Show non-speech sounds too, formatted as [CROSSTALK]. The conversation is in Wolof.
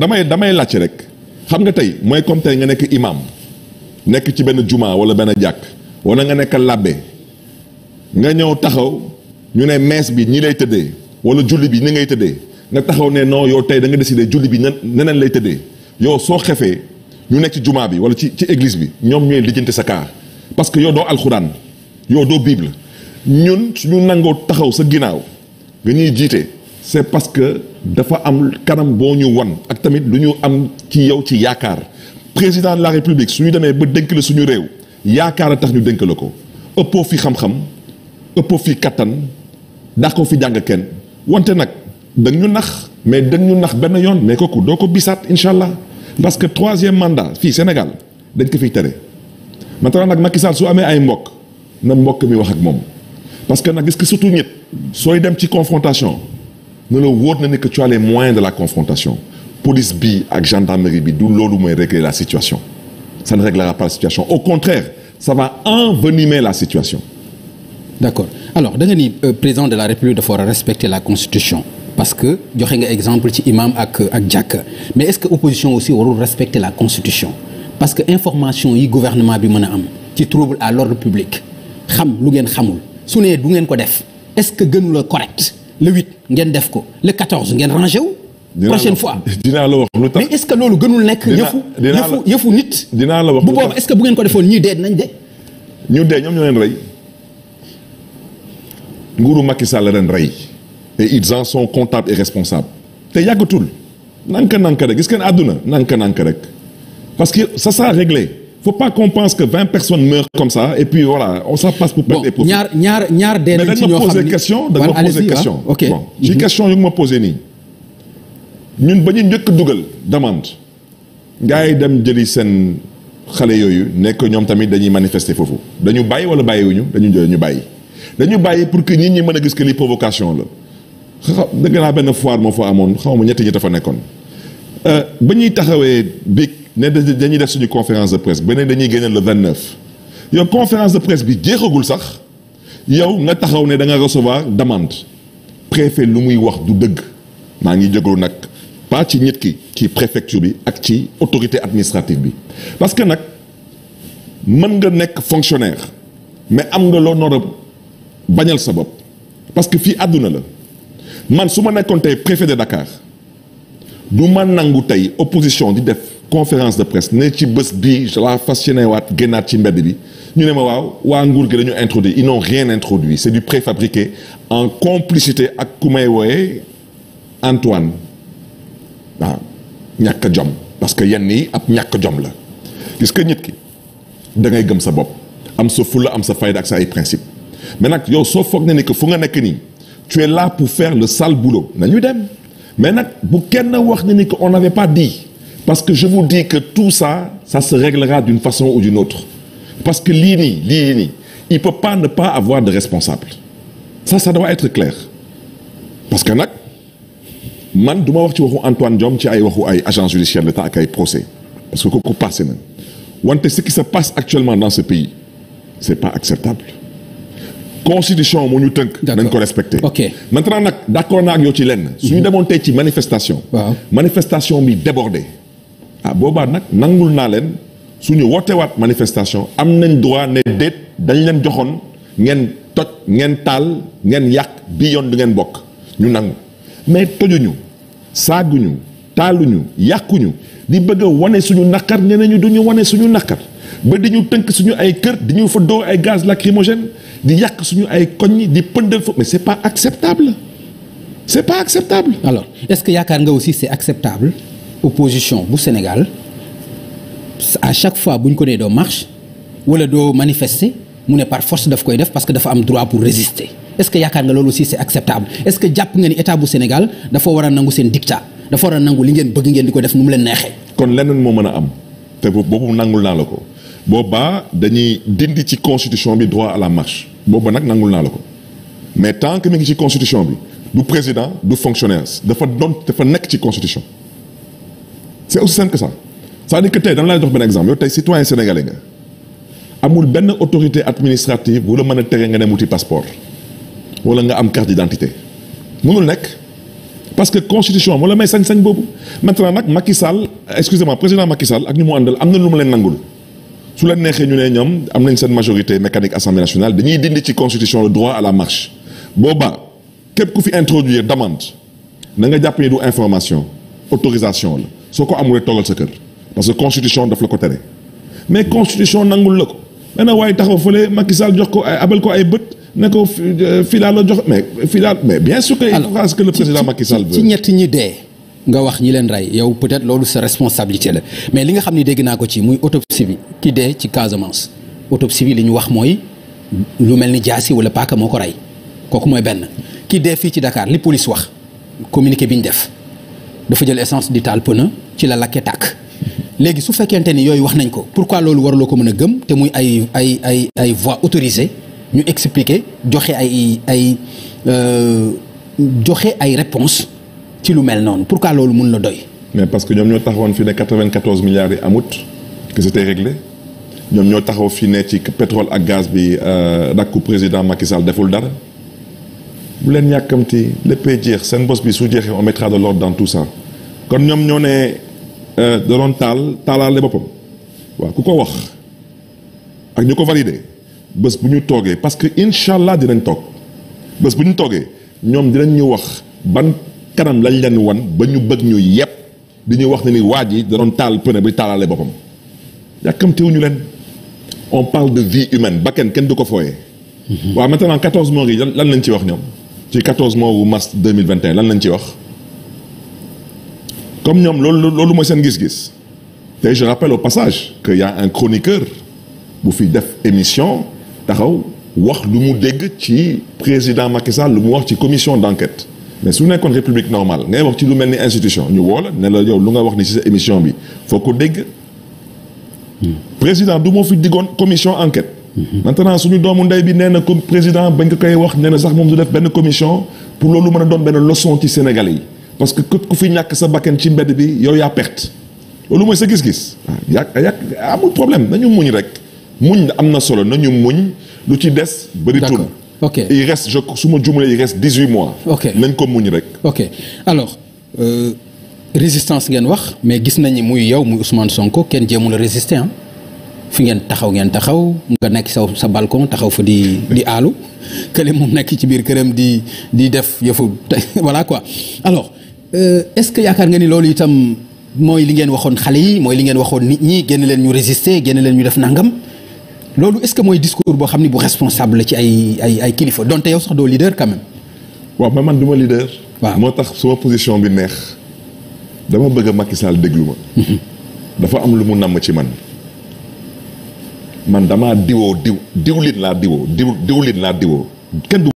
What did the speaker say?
damay damay laajte rek xam nga tey mooy comme tey nga nekk imam nekk ci benn juma wala benn jàkk wala nga nekk labbe nga ñëw taxaw ñu ne mees bi ñi lay tëddee wala julli bi ni ngay tëddee nga taxaw ne noo yow tey da nga décidé julli bi neneen lay tëddee yow soo xefee ñu nekk ci jumaa bi wala ci ci église bi ñoom ñooy lijjanti sa kaa parce que yow doo alxuraan yow doo bible ñun ñu nangoo taxaw sa ginnaaw nga ñuy jiite c'est parce que dafa am kanam boo ñu wan ak tamit lu ñu am ci yow ci yaakaar président de la république su ñu demee ba dénk la suñu réew yaakaar a tax ñu dénk la ko ëppoo fi xam-xam ëppoo fi kattan ndax ko fi jàng kenn wante nag dañ ñu nax mais dañ ñu nax benn yoon mais ku doo ko bisaat incha allah parce que troisième mandat fii Sénégal dañ ko fiy tere maintenant nag Macky Sall su amee ay mbokk na mbokk mi wax ak moom parce que nag gis que surtout ñëpp sooy dem ci confrontation ne la wóor na ni que tu as les moyens de la confrontation police bi ak gendarmerie bi du loolu mooy régler la situation ça ne réglera pas la situation au contraire ça va envenimer la situation d'accord alors da nga ni euh, président de la république dafa war a respecter la constitution parce que joxe nga exemple ci imam ak ak jàkk mais est-ce que opposition aussi warul respecter la constitution parce que information yi gouvernement bi mën a am ci trouble à l'ordre public xam lu ngeen xamul su ne du ngeen ko def est-ce que gënula correct le huit ngeen def ko le ngeen rangé wu. prochaine fois [LAUGHS] dinaa la wax lu tax mais est-ce que loolu gënul nekk. yëfu yëfu yëfu nit. dinaa la wax bu booba est-ce que bu ngeen ko defoon ñii dee nañ de. ñu dee ñoom ñoo leen rey nguuru Macky Sall la leen rey. et ils en sont comptables et responsables. te yàggatul nanka nanka rek gis ngeen àdduna nanka nanka rek parce que sa sera réglé. faut pas qu'on pense que vingt personnes meurent comme ça et puis voilà on ça passe pour perdre des profits. ñaar ñaar ñaar da nga ma posé question da nga ma posé mhm. yu nga ma posé nii. ñun ba ñu njëkk dugal demande. gars yi dem jëli seen xale yooyu nekk ñoom tamit dañuy manifester foofu dañu bàyyi wala bàyyiwuñu dañu jël ñu bàyyi. dañu bàyyi pour que nit ñi mën a gis que li provocation la xaw dëgg laa benn foire moo fa amoon xaw ma ñetti ñi dafa nekkoon euh, ba ñuy taxawee biig. ne dañuy def suñu conférence de presse beneen dañuy génne le 29 yow conférence de presse bi jeexagul sax yow nga taxaw ne da nga recevoir demande préfet lu muy wax du dëgg maa ngi jégalu nag pas ci nit ci préfecture bi ak ci autorité administrative bi parce que nag mën nga nekk fonctionnaire mais am nga loo nar bañal sa bopp parce que fii àdduna la man su ma nekkoon tey préfet de Dakar du ma nangu tey opposition di def. conférence de presse ne ci bës bi laa fas yéene waat génnaat ci mbedd bi ñu ne ma waaw waa nguur gi dañu introduit ils n'ont rien introduit c'est du préfabriqué en complicité ak ku may wooyee Antoine waaw ñàkk jom parce que yenn yi ab ñàkk jom la gis que nit ki dangay gëm sa bopp am sa fulla am sa fayda ak sa ay principe mais nag yow soo foog ne ni que fu nga nekk nii tu es là pour faire le sale boulot nañu dem mais nag bu kenn wax ne ni que on n'avait pas dit parce que je vous dis que tout ça ça se réglera d'une façon ou d'une autre parce que lii nii lii nii il peut pas ne pas avoir de responsable ça ça doit être clair parce que nag man du ma wax ci waxu Antoine Diome ci ay waxu ay agence judiciaire d'État ak ay procès parce que kooku passé na wante ce qui se passe actuellement dans ce pays c'est pas acceptable constitution moo ñu tënk dañ ko respecté ok maintenant nag d'accord naa ak yow ci lenn suñu mhm. demoon tey ci manifestation manifestation bi débordé ah boobaa nag nangul naa leen suñu wootewaat manifestation am nañ droit ne déet dañ leen joxoon ngeen toj ngeen taal ngeen yàq di yoon du ngeen bokk ñu nangu mais tojuñu saaguñu taaluñu yàquñu di bëgg a wane suñu naqar nee nañu duñu wane suñu naqar ba di ñu tënk suñu ay kër di ñu fa dóor ay gaz lacrymogène di yàq suñu ay koñ di pëndal fa mais c'est pas acceptable c'est pas acceptable. alors est-ce que yaakaar nga aussi c'est acceptable. opposition bu Sénégal à chaque fois bu ñu ko nee doo marche wala doo manifester mu ne par force daf koy def parce que dafa am droit pour résister est-ce que yaakaar nga loolu aussi c'est acceptable est-ce que jàpp nga ni état bu Sénégal dafa war a nangu seen dictat dafa war a nangu li ngeen bëgg ngeen di ko def nu mu leen neexee. kon leneen moo mën a am te boobu nangul naa la ko boobaa dañuy dindi ci constitution bi droit à la marche booba nag nangul naa ko mais tant que mi ngi ci constitution bi du président du fonctionnaire dafa doon dafa nekk ci constitution. c' est aussi simple que ça cest à tey dama laa jox benn exemple yow tey citoyen sénégalais nga amul benn autorité administrative bu la mën a tere nga ne dem wuti passeport wala nga am carte d'identité mënul nekk parce que constitution moo la may sañ-sañ boobu maintenant nag Macky Sall excusez président Macky Sall ak ñu mu àndal am na lu ma leen nangul su leen neexee ñu ne ñoom am nañ seen majorité mécanique assemblée nationale dañuy dindi ci constitution le droit à la boobaa képp ku fi introduire demande na nga jàpp ni du information autorisation la soo ko amulee toogal sa kër parce que constitution daf la ko tere mais constitution nangul la ko benn waaye taxaw fële Macky Sall jox ko abal ko ay bët ne ko fii euh, laa la jox mais fii laa mais bien sûr que il faut que le président Macky Sall ci ñett ñi dee nga wax ñi leen rey yow peut-être loolu sa responsabilité la mais li nga xam ni dégg naa ko ci muy autopsie bi ki dee ci Casamance autopsie bi li ñu wax mooy lu mel ni jaasi wala paaka moo ko rey kooku mooy benn ki dee fii ci Dakar li police wax communiqué bi ñu def dafa jël essence di taal pneu ci la lakke tàkk léegi su fekkente ni yooyu wax nañ ko pour pourquoi loolu war loo ko mën a gëm te muy ay ay ay ay voies autorisées ñu expliquer joxe ay ay euh, joxe ay réponse ci lu mel noonu pourquoi loolu mun la doy. mais parce que ñoom ñoo taxawoon fi ne 94 milliards yi amut que c'était réglé ñoom ñoo taxaw fi ne ci pétrole ak gaz bi euh, rakku président Macky deful dara. bu leen yàkkamti léppay jeex seen bos bi su jeexee on mettra de l'ordre dans tout ça kon ñoom ñoo ne euh, da doon taal taalaale boppam waaw ku ko wax ak ñu ko validé bés bu ñu toogee parce que incha allah dinañ toog bés bu ñu toogee ñoom dinañ ñu wax ban kanam lañ leen wan ba ñu bëgg ñu yépp di ñu wax ne ni waa ji da doon taal pneu bi taalaale boppam yàkkamtiwuñu leen on parle de vie humaine ba kenn kenn du ko fooyee. Mhm. waaw maintenant 14 morts yi lan lan lañ ci wax ñoom. ci 14 mois wu mars 2021 lan lañ ci wax comme ñoom loolu loolu mooy seen gis-gis te je rappelle au passage que y a un chroniqueur bu fi def émission taxaw wax lu mu dégg ci président Macky Sall lu mu wax ci commission d'enquête mais su nekkoon république normale ngay wax ci lu mel ni institution ñu woo la ne la yow lu nga wax ni ci sa émission bi foo ko dégg hmm. président du moo fi diggoon commission enquête maintenant suñu doomu ndey bi nee na comme président bañ ko koy wax nee na sax moom du def benn commission pour loolu mën a doon benn leçon ci Sénégalais yi parce que képp ku fi ñàkk sa bakkan ci mbedd bi yow yaa perte lu mooy sa gis-gis yaa amul problème nañu muñ rek muñ am na solo nañu muñ lu ci des bëritul ok il reste je su ma jumlee il reste dix huit mois. ok nañ ko muñ rek. ok alors euh, résistance ngeen wax mais gis nañu muy yow muy Ousmane Sonko kenn jéemul a résister fi ngeen taxaw ngeen taxaw nga nekk sa sa balcon taxaw fa di di aalu kële moom nekk ci biir këram di di def yëfu [LAUGHS] voilà quoi alors euh, est-ce que yaakaar nga ni loolu itam mooy li ngeen waxoon xale yi mooy li ngeen waxoon nit ñi génn leen ñu résister génn leen ñu def nangam loolu est-ce que mooy discours boo xam ne bu responsable la ci ay ay ay kilifa donte yow sax doo leader quand même. waaw mais man du ma leader. waaw moo tax suma position bi neex dama bëgg a Macky Sall déglu ma. [LAUGHS] dafa am lu mu namm ci man. man damaa diwoo diw diwlin laa diwoo diw diwlin laa diwoo kenn du